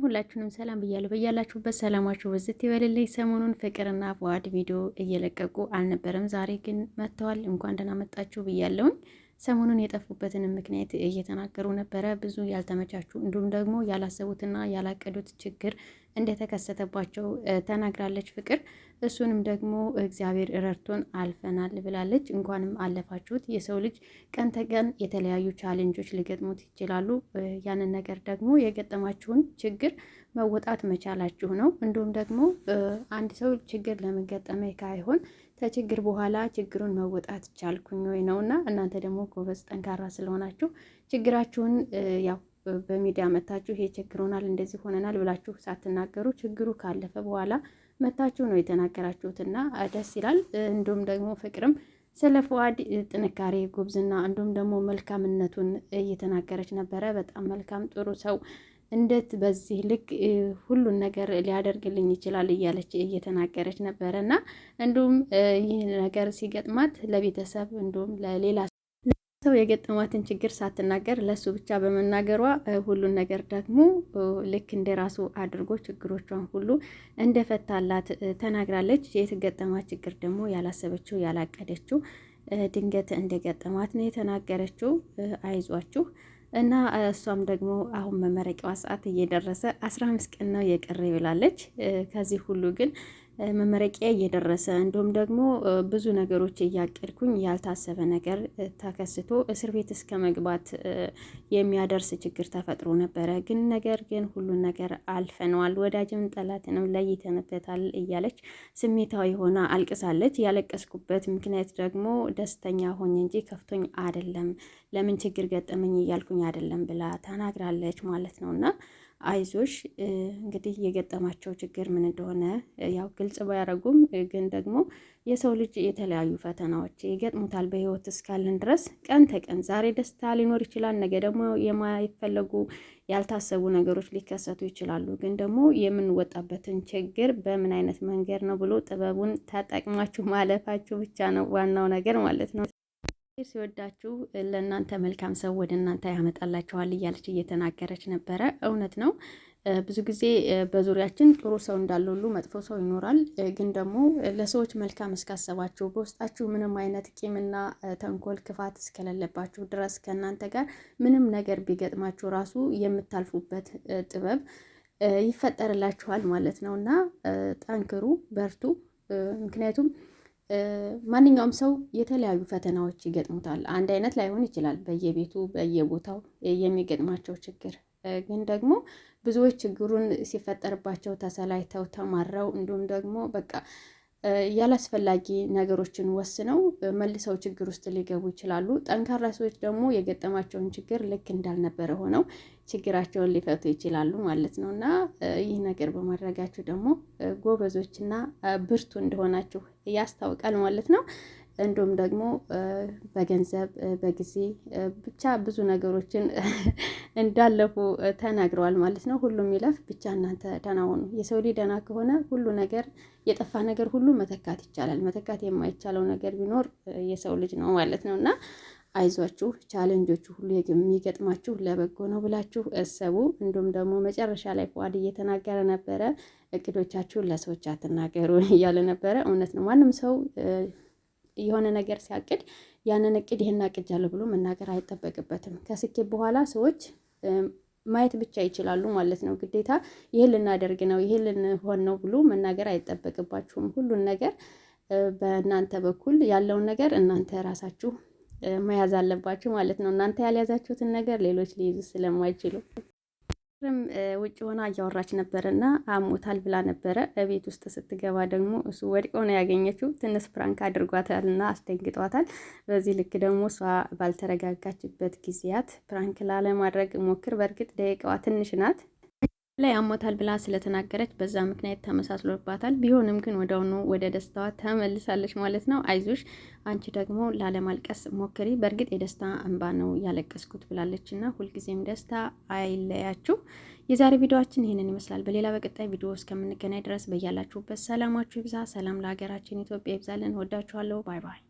ሁላችሁንም ሰላም ብያለሁ። በያላችሁበት ሰላማችሁ በዝት ይበልልኝ። ሰሞኑን ፍቅርና ፍዋድ ቪዲዮ እየለቀቁ አልነበረም፣ ዛሬ ግን መጥተዋል። እንኳን ደህና መጣችሁ ብያለሁኝ። ሰሞኑን የጠፉበትን ምክንያት እየተናገሩ ነበረ። ብዙ ያልተመቻቹ እንዲሁም ደግሞ ያላሰቡትና ያላቀዱት ችግር እንደተከሰተባቸው ተናግራለች ፍቅር። እሱንም ደግሞ እግዚአብሔር ረድቶን አልፈናል ብላለች። እንኳንም አለፋችሁት። የሰው ልጅ ቀን ተቀን የተለያዩ ቻሌንጆች ሊገጥሙት ይችላሉ። ያንን ነገር ደግሞ የገጠማችሁን ችግር መወጣት መቻላችሁ ነው። እንዲሁም ደግሞ አንድ ሰው ችግር ለመገጠመ ካይሆን ከችግር በኋላ ችግሩን መወጣት ቻልኩኝ ወይ እና እናንተ ደግሞ ጎበዝ ጠንካራ ስለሆናችሁ ችግራችሁን ያው በሚዲያ መታችሁ ይሄ ሆናል እንደዚህ ሆነናል ብላችሁ ሳትናገሩ ችግሩ ካለፈ በኋላ መታችሁ ነው የተናገራችሁትና ደስ ይላል። እንዲሁም ደግሞ ፍቅርም ስለ ፈዋድ ጥንካሬ፣ ጉብዝና እንዲሁም ደግሞ መልካምነቱን እየተናገረች ነበረ። በጣም መልካም ጥሩ ሰው እንዴት በዚህ ልክ ሁሉን ነገር ሊያደርግልኝ ይችላል እያለች እየተናገረች ነበረ እና እንዲሁም ይህ ነገር ሲገጥማት ለቤተሰብ እንዲሁም ለሌላ ሰው የገጠማትን ችግር ሳትናገር ለሱ ብቻ በመናገሯ ሁሉን ነገር ደግሞ ልክ እንደ ራሱ አድርጎ ችግሮቿን ሁሉ እንደፈታላት ተናግራለች። የትገጠማት ችግር ደግሞ ያላሰበችው ያላቀደችው ድንገት እንደገጠማት ነው የተናገረችው። አይዟችሁ እና እሷም ደግሞ አሁን መመረቂዋ ሰዓት እየደረሰ አስራ አምስት ቀን ነው የቀረ ይብላለች። ከዚህ ሁሉ ግን መመረቂያ እየደረሰ እንዲሁም ደግሞ ብዙ ነገሮች እያቀድኩኝ ያልታሰበ ነገር ተከስቶ እስር ቤት እስከ መግባት የሚያደርስ ችግር ተፈጥሮ ነበረ። ግን ነገር ግን ሁሉን ነገር አልፈነዋል፣ ወዳጅም ጠላትንም ለይተንበታል እያለች ስሜታዊ ሆና አልቅሳለች። ያለቀስኩበት ምክንያት ደግሞ ደስተኛ ሆኝ እንጂ ከፍቶኝ አይደለም፣ ለምን ችግር ገጠመኝ እያልኩኝ አይደለም ብላ ተናግራለች ማለት ነውና አይዞሽ እንግዲህ የገጠማቸው ችግር ምን እንደሆነ ያው ግልጽ ባያደረጉም ግን ደግሞ የሰው ልጅ የተለያዩ ፈተናዎች ይገጥሙታል። በህይወት እስካለን ድረስ ቀን ተቀን ዛሬ ደስታ ሊኖር ይችላል፣ ነገ ደግሞ የማይፈለጉ ያልታሰቡ ነገሮች ሊከሰቱ ይችላሉ። ግን ደግሞ የምንወጣበትን ችግር በምን አይነት መንገድ ነው ብሎ ጥበቡን ተጠቅማችሁ ማለፋችሁ ብቻ ነው ዋናው ነገር ማለት ነው። ሲወዳችሁ ለእናንተ መልካም ሰው ወደ እናንተ ያመጣላችኋል እያለች እየተናገረች ነበረ። እውነት ነው። ብዙ ጊዜ በዙሪያችን ጥሩ ሰው እንዳለ ሁሉ መጥፎ ሰው ይኖራል። ግን ደግሞ ለሰዎች መልካም እስካሰባችሁ በውስጣችሁ ምንም አይነት ቂምና ተንኮል፣ ክፋት እስከሌለባችሁ ድረስ ከእናንተ ጋር ምንም ነገር ቢገጥማችሁ ራሱ የምታልፉበት ጥበብ ይፈጠርላችኋል ማለት ነው እና ጠንክሩ፣ በርቱ። ምክንያቱም ማንኛውም ሰው የተለያዩ ፈተናዎች ይገጥሙታል። አንድ አይነት ላይሆን ይችላል በየቤቱ በየቦታው የሚገጥማቸው ችግር። ግን ደግሞ ብዙዎች ችግሩን ሲፈጠርባቸው ተሰላይተው ተማረው እንዲሁም ደግሞ በቃ ያላስፈላጊ ነገሮችን ወስነው መልሰው ችግር ውስጥ ሊገቡ ይችላሉ። ጠንካራ ሰዎች ደግሞ የገጠማቸውን ችግር ልክ እንዳልነበረ ሆነው ችግራቸውን ሊፈቱ ይችላሉ ማለት ነው እና ይህ ነገር በማድረጋችሁ ደግሞ ጎበዞችና ብርቱ እንደሆናችሁ ያስታውቃል ማለት ነው። እንዲሁም ደግሞ በገንዘብ በጊዜ ብቻ ብዙ ነገሮችን እንዳለፉ ተናግረዋል ማለት ነው። ሁሉም ይለፍ ብቻ እናንተ ደህና ሆኑ። የሰው ልጅ ደህና ከሆነ ሁሉ ነገር የጠፋ ነገር ሁሉ መተካት ይቻላል። መተካት የማይቻለው ነገር ቢኖር የሰው ልጅ ነው ማለት ነው እና አይዟችሁ ቻለንጆቹ ሁሉ የሚገጥማችሁ ለበጎ ነው ብላችሁ እሰቡ። እንዲሁም ደግሞ መጨረሻ ላይ ፏድ እየተናገረ ነበረ፣ እቅዶቻችሁን ለሰዎች አትናገሩ እያለ ነበረ። እውነት ነው ማንም ሰው የሆነ ነገር ሲያቅድ ያንን እቅድ ይህን አቅጃለሁ ብሎ መናገር አይጠበቅበትም። ከስኬት በኋላ ሰዎች ማየት ብቻ ይችላሉ ማለት ነው። ግዴታ ይህን ልናደርግ ነው ይህን ልንሆን ነው ብሎ መናገር አይጠበቅባችሁም። ሁሉን ነገር በእናንተ በኩል ያለውን ነገር እናንተ ራሳችሁ መያዝ አለባችሁ ማለት ነው። እናንተ ያልያዛችሁትን ነገር ሌሎች ሊይዙ ስለማይችሉ ውጭ ሆና እያወራች ነበረ እና አሞታል ብላ ነበረ። እቤት ውስጥ ስትገባ ደግሞ እሱ ወድቆ ነው ያገኘችው። ትንሽ ፕራንክ አድርጓታል እና አስደንግጧታል። በዚህ ልክ ደግሞ እሷ ባልተረጋጋችበት ጊዜያት ፕራንክ ላለማድረግ ሞክር። በእርግጥ ደቂቃዋ ትንሽ ናት። ላይ አሞታል ብላ ስለተናገረች በዛ ምክንያት ተመሳስሎባታል። ቢሆንም ግን ወደውኑ ወደ ደስታዋ ተመልሳለች ማለት ነው። አይዞሽ አንቺ ደግሞ ላለማልቀስ ሞክሪ፣ በእርግጥ የደስታ እንባ ነው ያለቀስኩት ብላለች እና ሁልጊዜም ደስታ አይለያችሁ። የዛሬ ቪዲዮችን ይህንን ይመስላል። በሌላ በቀጣይ ቪዲዮ እስከምንገናኝ ድረስ በያላችሁበት ሰላማችሁ ይብዛ። ሰላም ለሀገራችን ኢትዮጵያ ይብዛልን። ወዳችኋለሁ። ባይ ባይ